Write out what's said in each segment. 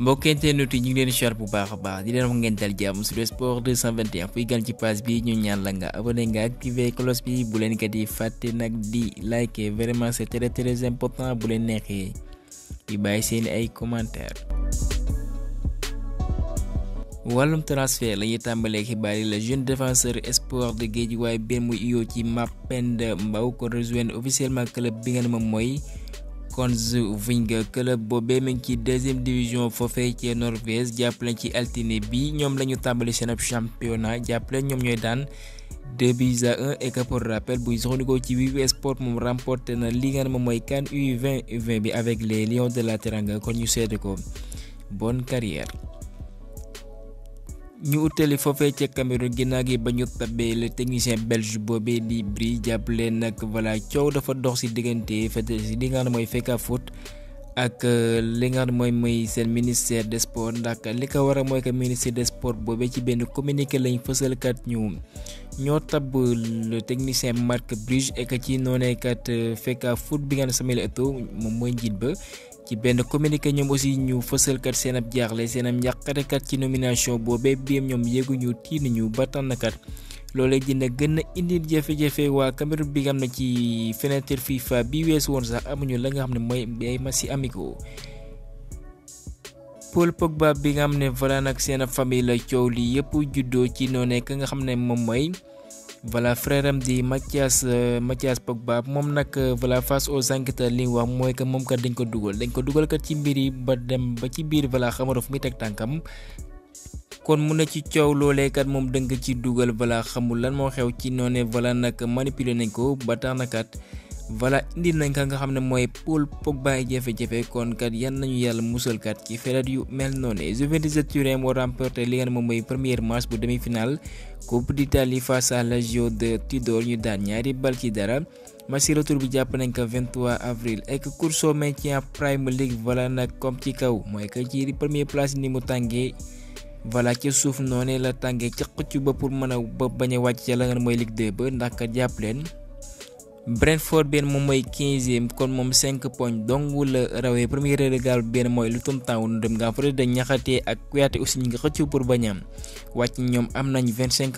mbokk nuti yi ñu ngi leen share bu baax baax di leen wax ngeen dal jàmm Sud Sport 221 fuy gan ci page bi ñu ñaan la nga abonné nga activé cloche bi bu leen kat yi fàtte di liker eh, vraiment eh, c'est très très important bu leen neexee di bàyyi seeni ay commentaires. wàllum transfert la ñuy tàmbalee xibaar yi la jeune défenseur espoir de Guédiawaye benn mu iyo ci Mapenda Mbaw ko rejoindre officiellement club bi nga ne kon Kongsvinger club bo mi ngi ci deuxième division foofee ci Norvège jàppale ci altine bi ñoom la ñu tàmbali seen ab championnat jàppale ñoom ñooy daan 2 buts à 1 et que pour rappel buy soxandikoo ci Wiwe Sport moom remporté na li nga mooy CAN U20 u bi avec les Lions de la Teranga kon ñu seede ko bonne carrière. ñu utali foofee ca Cameroun ginnaaw yi ba ñu tabee le technicien belge boobee di Bry jàppale nag voilà coow dafa dox si diggante fete si li nga xam ne mooy Fecafoot ak euh, li nga xam mooy mooy seen ministère de sports ndax li ko war a mooy que ministère de sports boobee ci benn communiqué lañ fësalkat ñu ñoo tabb le technicien Marc Bruges et que ci noonee kat euh, Fecafoot bi nga xam ne Eto'o moom mooy njiit ba. ci benn communiqué ñoom aussi ñu fësal seen ab jaaxle seen am njàqare kat ci nomination boobee biim ñoom yéeguñu tiinuñu ba tànn kat loolee dina gën indi jafe-jafe waa Cameroun bi nga xam ne ci fenêtre FIFA bi weesu woon sax amuñu la nga xam ne mooy ma match amicaux Paul Pogba bi nga xam ne Varane ak seen famille la coow li yëpp juddoo ci noonee ka nga xam ne moom mooy. voilà frère di Mathias euh, Mathias Pogba moom nak euh, voilà face aux enquêteurs li wax mooy que moom ka dañ ko dugal dañ ko dugal kat ci mbir yi ba dem ba ci biir voilà xamaruf mi teg tànkam kon mu ne ci coow loolee kat moom dënk ci dugal voilà xamul lan moo xew ci noone voilà nag manipuler nañ ko ba tax nakat voilà indi nañ ka nga xam ne mooy Paul Pogba ay jafe-jafe kon kat yan nañu yàlla musalkat ci feebar yu mel noonu Juventus de Turin moo remporté li nga ne moom mooy première match bu demi-finale Coupe d'Italie face à Lazio de Tudor ñu daan ñaari bal ci dara match retour bi jàpp nañ ko 23 avril ek course au maintien Premier League voilà nag comme ci kaw mooy que ci premier place ni mu tàngee voilà ci suuf la tàngee ci xëcc ba pour mën a ba bañ a wàcc ca la nga mooy Ligue 2 ba ndax ka jàpp leen Brentford benn moom mooy quinzième kon moom cinq poñ dong la rawee premier relégable benn mooy Luton Town nu dem ngaa fa da ñaxatee ak Kouyaté aussi ñi xëccu pour bañaam wàcc ñoom am nañ vingt cinq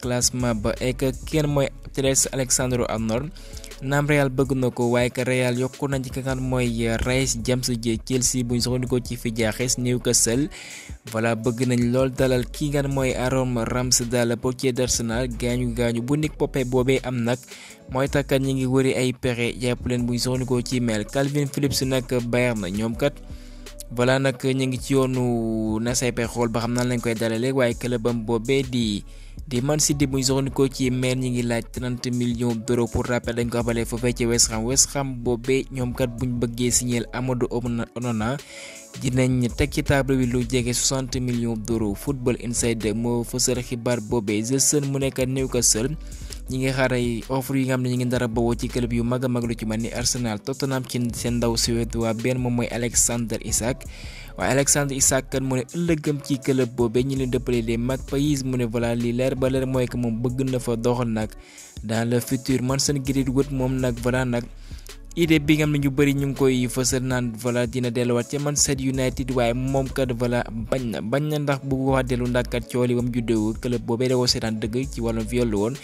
classement ba ek kenn mooy Trent Alexander-Arnold naam Real bëgg na ko waaye que Real yokku nañ ci kanam mooy Reece James ji Chelsea bu ñu ci fi jaaxees Newcastle voilà bëgg nañ lool dalal kii nga mooy Aaron Ramsdale portier d'Arsenal gaañu gaañu bu nekk poppe boobee mooy takkat ñi ngi wëri ay pexe jàpp leen buñ soxnikoo ci mel Calvin su nag Bayern na ñoom kat voilà nag ñu ngi ci yoonu na say pexe xool ba xam nan lañ koy dalalee waaye këlëbam boobee di di Man City buñ soxnikoo ci mel ñi ngi laaj 30 millions d'euros pour rappel dañ ko abalee foofee ci West Ham West Ham boobee ñoom kat buñ bëggee signeel Amadou Onana dinañ teg ci table bi lu jege 60 millions d'euros Football Insider moo fësal xibaar boobee The Sun mu nekk Newcastle ñi ngi xaar ay offre yi nga xam ne ñu ngi dara bawoo ci club yu mag a mag lu ci mel ni Arsenal Tottenham ci seen ndaw Suède waa benn moom mooy Alexander Isak waaye Alexandre Isak kan mu ne ëllëgam ci club boobee ñu leen dëppale les mag pays mu ne voilà lii ba leer mooy que moom bëgg na fa doxal nag dans le futur man seen Greenwood moom nag voilà nag. idée bi nga xam ñu bëri ñu ngi koy fësal naan voilà dina delluwaat ca Manchester United waaye moom kat voilà bañ bañ na ndax bu ko wax dellu ndax kat cooli ba mu juddoo club boobee da koo seetaan dëgg ci wàllum viol woon.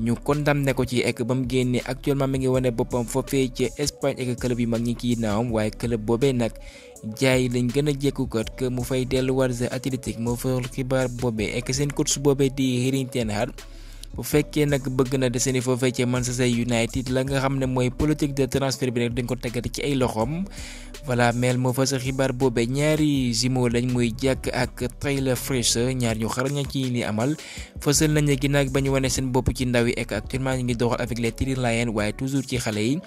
ñu ne ko ci ek ba mu génnee actuellement mi ngi wane boppam foofee ci Espagne ek club yu mag ñi kii naawam waaye club boobee nag jaay lañ gën a jékku kat mu fay delluwaat sa Atlétique moo faral xibaar boobe ek seen coach boobe di Erik ten Hag bu fekkee nag bëgg na desandi foofee ci Manchester United la nga xam ne mooy politique de transfert bi nag dañ ko tegati ci ay loxoom voilà mel moo fa sa xibaar boobee ñaari jumeaux lañ muy Jack ak Tyler Fraser ñaar ñu xaraña ci ni amal fësal nañu ginnaaw ba ñu wane seen bopp ci ndaw yi ak actuellement ñu ngi doxal avec les Tigre Lions waaye toujours ci xale yi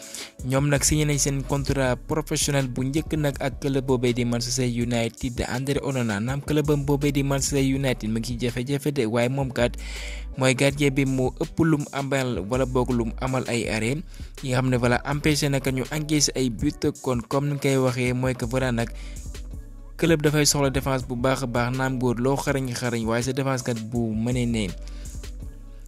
ñoom nag signé nañ seen contrat professionnel bu njëkk nag ak club boobee di Manchester United André Onana naam clubam boobee di Manchester United mu ngi ci jafe-jafe de waaye moom kat mooy gardien bi moo ëpp lum amal wala boog amal ay arrêt yi nga xam ne voilà empêché na ñu ay but kon comme ni koy waxee mooy que voilà nag club dafay soxla défense bu baax a baax naam góor loo xarañ xarañ waaye sa défense kat bu mënee ne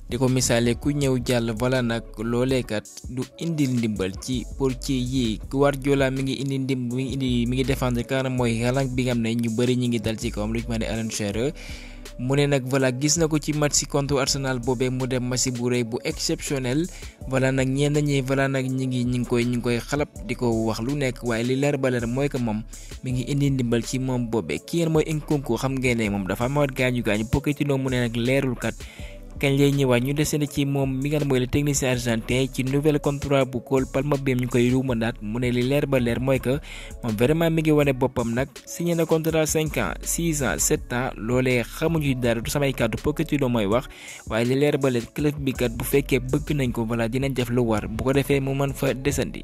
di ko misaale ku ñëw jàll wala nag loolee kat du indin ndimbal ci portier yi Guardiola mi ngi indi ndim mi ngi indi mi ngi défendre car mooy xalaat bi nga xam ne ñu bëri ñu ngi dal ci kawam lu ci Alan Shearer mu ne nag voilà gis na ko ci match si contre Arsenal boobee mu dem match bu rey bu exceptionnel voilà nag ñeen ñi voilà nag ñi ngi ñi ngi koy ñi ngi koy xalab di ko wax lu nekk waaye li leer ba leer mooy que moom mi ngi indi ndimbal ci moom boobee ki ngeen mooy Nkunku xam ngeen ne moom dafa amaat gaañu gaañu Pochettino mu ne nag leerul kat. kañ lay ñëwaat ñu desandi ci moom mi nga mooy le technicien argentin ci nouvel contrat bu Cole Palmer bi ñu koy ruumandaat mu ne li leer ba leer mooy que moom vraiment mi ngi wane boppam nag signé na contrat 5 ans 6 ans 7 ans loolee xamuñu dara du samay kàddu Pochettino mooy wax waaye li leer ba leer club bi kat bu fekkee bëgg nañ ko voilà dinañ def lu war bu ko defee mu mën fa desandi.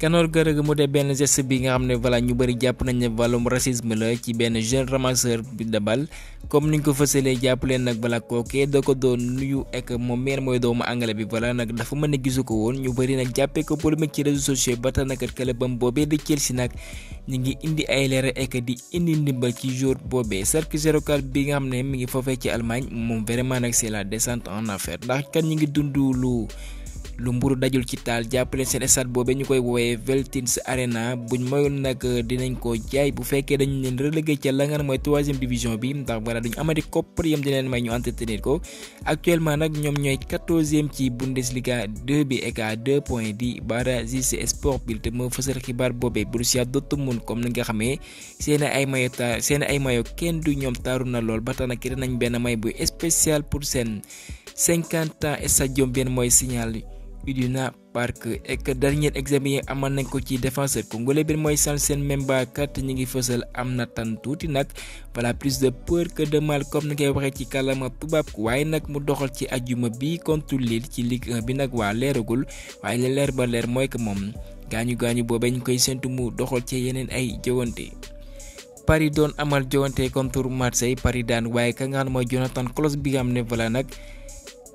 kanoor gërë mu dee benn geste bi nga xam ne voilà ñu bëri jàpp nañ ne wàllum racisme la ci benn jeune ramasseur bi de balle comme niñ ko fësalee jàpp leen nag voilà kookee ko doon nuyu ek moom mooy doomu anglais bi voilà nag dafa mën a gisu ko woon ñu bëri nag jàppee ko polémique ci réseaux sociaux ba tax nakat këlëbam boobee di si nag ñu ngi indi ay leera ek di indi ndimbal ci jour boobee cercle 04 bi nga xam ne mi ngi foofee ci Allemagne moom vraiment nag c'est la descente en affaire ndax kat ñu ngi dund lu lu mburu dajul ci taal jàppale seen stade boobee ñu koy Veltins Arena buñ mayoon nag dinañ ko jaay bu fekkee dañu leen relégué ca la nga mooy troisième division bi ndax wala duñ amati yam di leen may ñu entretenir ko actuellement nag ñoom ñooy quatorzième ci Bundesliga 2 bi eka 2 points di Bara JC Sport Bild moo fësal xibaar boobee Borussia Dortmund comme ni nga xamee seen ay mayo ta seen ay mayo kenn du ñoom taaru na lool ba tax nag nañ benn may bu spécial pour seen 50 ans signal UDINA na park ak dernier examen yi amal nañ ko ci défenseur congolais bi mooy sal seen memba kat ñi ngi fësal am tan tuuti nag voilà plus de peur que de mal comme ni ngay waxee ci kàllaama tubaab waaye nag mu doxal ci ajuma bi contre Lille ci Ligue 1 bi nag waa leeragul waaye la leer ba leer mooy que moom gaañu gaañu boobee ñu koy séntu mu doxal ci yeneen ay jëwante Paris doon amal jëwante contre Marseille Paris daan waaye ka nga Jonathan Klaus bi nga xam ne voilà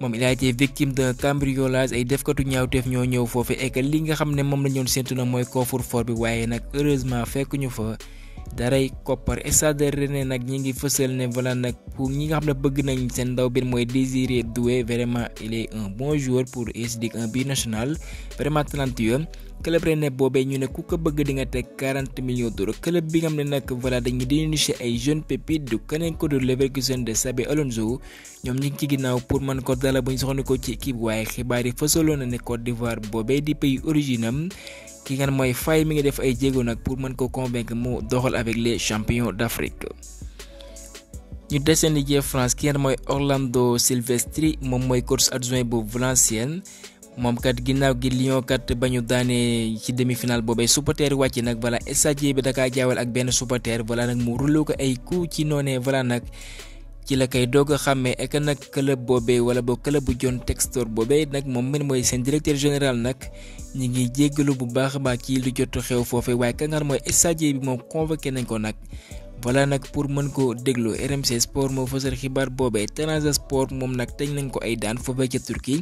moom il a été victime d'un cambriolage ay defkatu ñaawteef ñoo ñëw foofu et que li nga xam ne moom la ñoon séntu na mooy coffre-fort bi waaye nag heureusement fekk ñu fa daray koppar stade Rennais nag ñi ngi fësal ne voilà nag pour ñi nga xam ne bëgg nañ seen ndaw bi mooy Désiré Doué vraiment il est un bon joueur pour US Ligue 1 bi national vraiment talentueux club Rennais boobee ñu ne ku ko bëgg di teg 40 millions d'euros bi nga xam ne nag voilà dañuy dénicher ay jeunes pépites du keneen ko du Leverkusen de Xabi Alonso ñoom ñi ci ginnaaw pour mën ko dala bu ñu ci équipe waaye xibaar yi fësaloon na ne Côte d'Ivoire ki ngeen mooy fay mi ngi def ay jéego nag pour mën ko convaincre mu doxal avec les champions d'Afrique. ñu deseen liggéey France ki ngeen mooy Orlando Silvestri moom mooy coach adjoint bu Valenciennes moom kat ginnaaw gi Lyon kat ba ñu daanee ci demi-finale boobee supporter wàcc nag voilà stade bi da kaa jaawal ak benn supporter voilà nag mu rulloo ko ay coups ci noonee voilà nag. ci la koy doog a xàmmee ek nag club boobee wala boo club jon John Textor boobee nag moom man mooy seen directeur général nag ñi ngi jéggalu bu baax a baax ci lu jot xew foofe waaye ka mooy stade bi moom convoqué nañ ko nag voilà nag pour mën koo déglu RMC Sport moo fësal xibaar boobee Tanaza Sport moom nag teñ nañ ko ay daan foofee ca Turquie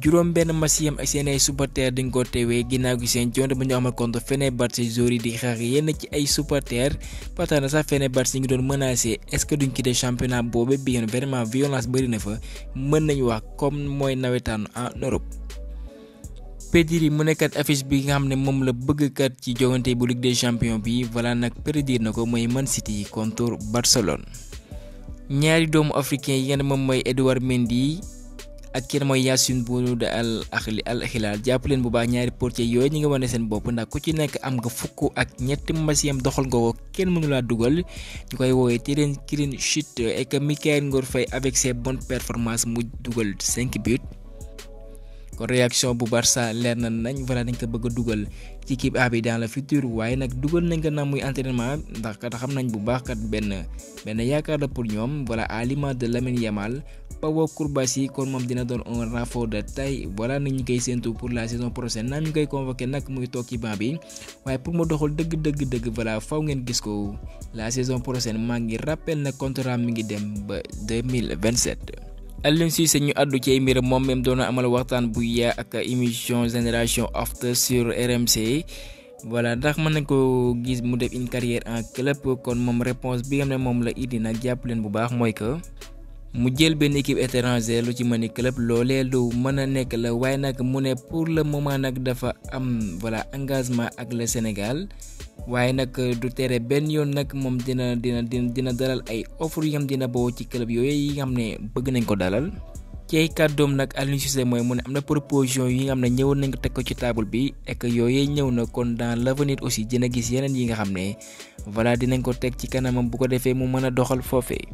juróom benn match yam ak seen ay supporters dañ ko teewee ginnaaw gi seen jonte ba ñu amal contre Fenerbahçe Zori di xaar yenn ci ay supporters ba sax na sax Fenerbahçe ñu ngi doon menacé est ce que duñ quitté championnat boobee bi ngeen vraiment violence bëri na fa mën nañu wax comme mooy nawetaan en Europe. pediri mu nekkat affiche bi nga xam ne moom la bëgg kat ci jongante bu Ligue des Champions bi voilà nag prédire na Man City contre Barcelone. ñaari doomu africain yi nga Edward moom Edouard Mendy ak kenn mooy Yassine Bounou de Al Ahli Al Hilal jàpp leen bu baax ñaari portier yooyu ñi nga wane seen bopp ndax ku ci nekk am nga fukk ak ñetti masiyam doxal nga ken mënu dugal ñu koy woowee Terence clean et que Mikayil Ngor Faye avec ses bonnes performances mu dugal 5 buts kon réaction bu Barça leer na nañ wala nañ ko bëgg a dugal ci équipe dans le futur waaye nak dugal nañ ko na muy entraînement ndax kat xam nañ bu baax kat benn benn yaakaar la pour ñoom voilà à l'image de Lamine Yamal Pawo Kourbassi kon moom dina doon un renfort de taille voilà nañ ñu koy séntu pour la saison prochaine naam ñu koy convoqué nag muy toog ci banc bi waaye pour mu doxal dëgg dëgg dëgg voilà faw ngeen gis ko la saison prochaine maa ngi rappel kontra contrat mi ngi dem ba 2027 Alun Cissé ñu àddu ci ay mbiram moom même amal waxtaan bu yaa ak émission génération after sur RMC voilà ndax mën nañ ko gis mu def une carrière ah, en club kon moom réponse bi nga xam ne moom la indi nag jàpp leen bu baax mooy que mu jël benn équipe étrangère lu ci mën ni club loolee lu mën a nekk la waaye nag mu ne pour la moment nag dafa am voilà engagement ak le Sénégal waaye nag du tere benn yoon nag moom dina dina dina dina dalal ay offre yi dina bawoo ci club yooyu nga xam ne bëgg nañ ko dalal. cey doom nag Aliou mooy mu ne am na proposition yi nga xam ne ñëwoon nañ ko teg ko ci table bi et que yooyee ñëw na kon dans l'avenir aussi dina gis yeneen yi nga xam ne voilà dinañ ko teg ci kanamam bu ko defee mu mën a doxal foofee.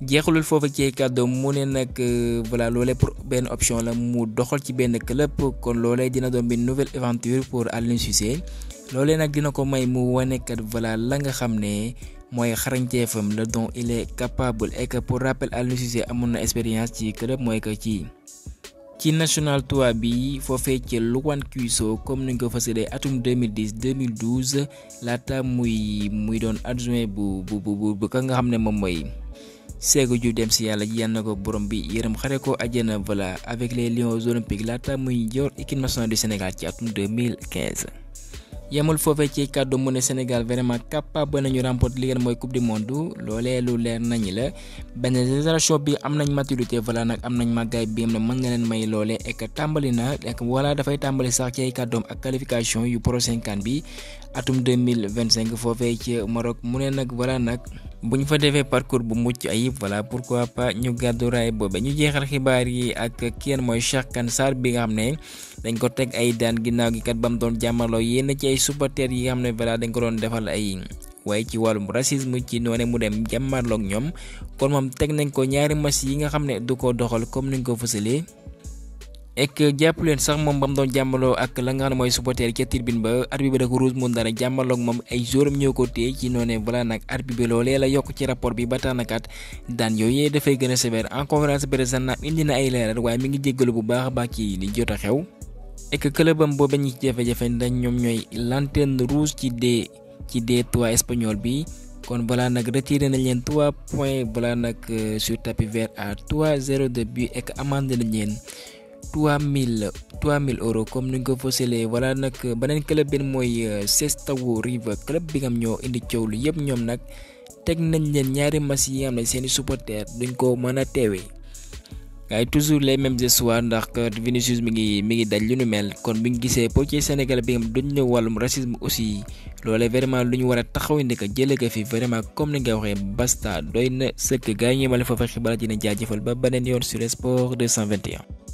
jeexalul foofu ci kàddu mu ne nag euh, voilà loole pour benn option la mu doxal ci benn club kon loole dina doon benn nouvelle aventure pour Aliou Cissé loolee nag dina ko may mu wanekat voilà la nga xam ne mooy xarañteefam la dont il est capable et pour rappel Aliou Cissé amoon na expérience ci club mooy que ci. ci national 3 bi foofee ca Loan Cuisseau comme ni ñu ko fasalee atum 2010 2012 laata muy muy doon adjoint bu bu bu bu ka nga xam ne moom mooy. Sékou ju dem si yàlla ji yal na ko borom bi yërëm xare ko àjjana voilà avec les Lions olympiques laata muy jor équipe nationale du Sénégal ci atum 2015. yemul foofee ci kàddu mu ne Sénégal vraiment capable nañu remporter li ngeen mooy coupe du monde loolee leer nañu la benn génération bi am nañ maturité voilà nag am nañ màggaay bi am na mën nga leen may loolee ek tàmbali na ek wala dafay tàmbali sax ci ay ak qualification yu prochain CAN bi atum 2025 foofee ci Maroc mu ne nag voilà nag bu ñu fa defee parcours bu mucc ayib voilà pourquoi pas ñu gàddu raay boobe ñu jeexal xibaar yi ak kenn mooy Cheikh Kane Sarr bi nga xam ne dañ ko teg ay daan ginnaaw gi kat bam doon jàmmaloo yenn ci ay supporters yi nga xam ne voilà dañ ko doon defal ay waaye ci wàllum racisme ci noone mu dem jàmmarloog ñoom kon moom teg nañ ko ñaari match yi nga xam ne du ko doxal comme niñ ko fësalee ek jàpp leen sax moom bam doon jàmbaloo ak la nga xam ne mooy supporter ca tribune ba arbi da ko rouge mun dara jàmbaloo ak moom ay jouram ñoo ko téye ci noone voilà nag arbi bi loolee la yokk ci rapport bi ba tax na kat daan yooyee dafay gën a sévère en conférence président nag indi na ay leeral waaye mi ngi jéggalu bu baax a ci li jot a xew et que clubam boobee ñi ci jafe-jafe dañ ñoom ñooy lanterne rouge ci D ci D3 espagnol bi kon balaa nag retiré nañ leen 3 points balaa nag euh, sur tapis vert à 3-0 de but et que amende nañ leen 3000 mille euros comme ni nga ko fësalee wala nag euh, beneen club bi mooy euh, Sestao River club bi nga ñoo indi coow lu yëpp ñoom nag teg nañ leen ñaari match yi nga xam ne seeni supporters duñ ko mën a teewee. a toujours les mêmes histoires ndax Vinicius mi ngi mi ngi daj lu mel kon bi ñu gisee Sénégal bi duñ racisme aussi loolee vraiment lu ñu war a taxaw ndika que fi vraiment comme ni nga waxee basta doy na sëkk gars yi ñu mel xibaar dina jaajëfal ba beneen yoon sur Sport 221.